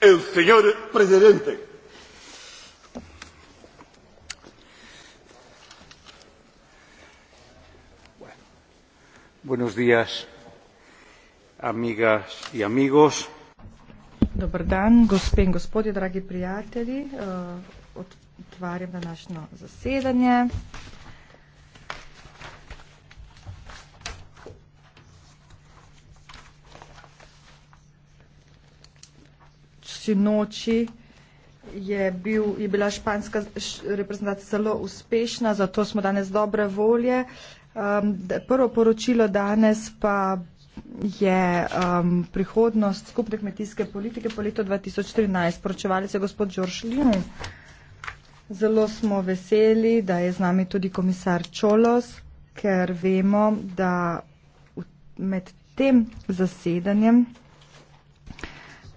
el señor presidente. Buenos días, amigas y amigos. Dobar dan, gospe in gospodje, dragi prijatelji. Uh, otvarjam današnje zasedanje. tisti noči je, bil, je bila španska reprezentacija zelo uspešna, zato smo danes dobre volje. Um, prvo poročilo danes pa je um, prihodnost skupne kmetijske politike po letu 2013. Poročevali se gospod George Lin. Zelo smo veseli, da je z nami tudi komisar Čolos, ker vemo, da med tem zasedanjem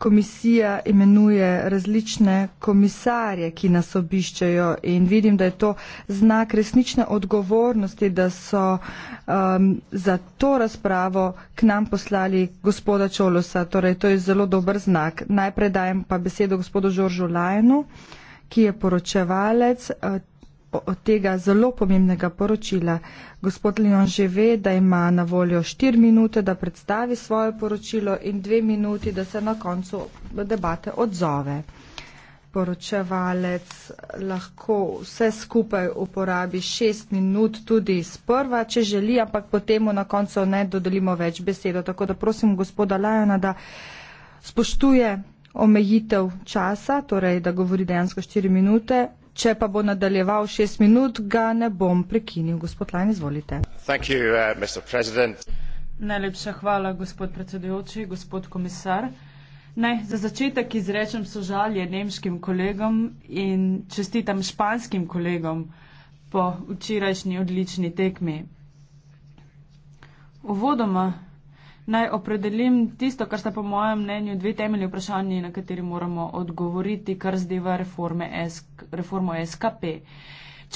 komisija imenuje različne komisarje, ki nas obiščajo in vidim, da je to znak resnične odgovornosti, da so um, za to razpravo k nam poslali gospoda Čolosa. Torej, to je zelo dober znak. Najprej dajem pa besedo gospodu Žoržu Lajnu, ki je poročevalec. Uh, od tega zelo pomembnega poročila. Gospod Leon že ve, da ima na voljo 4 minute, da predstavi svoje poročilo in 2 minuti, da se na koncu debate odzove. Poročevalec lahko vse skupaj uporabi 6 minut tudi sprva, če želi, ampak potem mu na koncu ne dodelimo več besedo. Tako da prosim gospoda Lajana, da spoštuje omejitev časa, torej da govori dejansko 4 minute, Če pa bo nadaljeval šest minut, ga ne bom prekinil. Gospod Lajn, izvolite. You, uh, Najlepša hvala, gospod predsedujoči, gospod komisar. Naj za začetek izrečem sožalje nemškim kolegom in čestitam španskim kolegom po včerajšnji odlični tekmi. Uvodoma naj opredelim tisto, kar sta po mojem mnenju dve temeljni vprašanji, na kateri moramo odgovoriti, kar zdiva reforme SK reformo SKP.